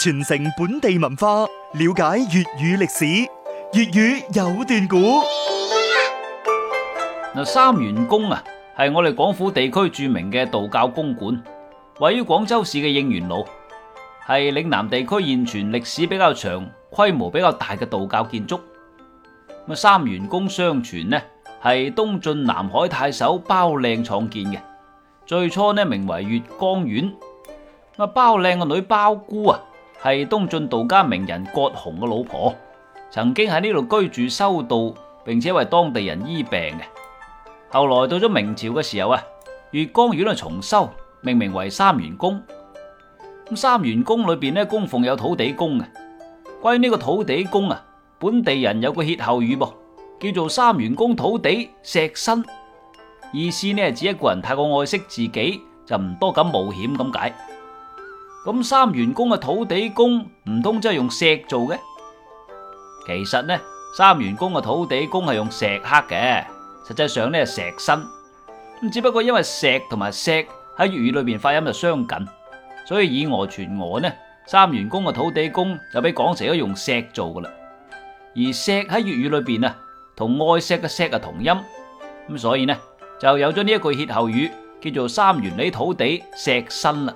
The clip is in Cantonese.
傳承本地文化，了解粵語歷史，粵語有段古嗱。三元宮啊，係我哋廣府地區著名嘅道教宮觀，位於廣州市嘅應元路，係嶺南地區現存歷史比較長、規模比較大嘅道教建築。咁三元宮相傳咧係東晉南海太守鮑靚創建嘅，最初呢名為越崗院。咁鮑靚嘅女鮑姑啊。係東晉道家名人葛洪嘅老婆，曾經喺呢度居住修道，並且為當地人醫病嘅。後來到咗明朝嘅時候啊，越崗院啊重修，命名為三元宮。咁三元宮裏邊咧供奉有土地公嘅。關於呢個土地公啊，本地人有個歇後語噃，叫做三元宮土地石身，意思呢，係指一個人太過愛惜自己，就唔多敢冒險咁解。咁三元宮嘅土地公唔通真係用錫做嘅？其實咧，三元宮嘅土地公係用石刻嘅，實際上咧係石身。咁只不過因為石同埋錫喺粵語裏邊發音就相近，所以以訛傳訛呢，三元宮嘅土地公就俾講成咗用錫做嘅啦。而錫喺粵語裏邊啊，同愛錫嘅錫係同音，咁所以呢就有咗呢一句歇後語，叫做三元里土地錫身啦。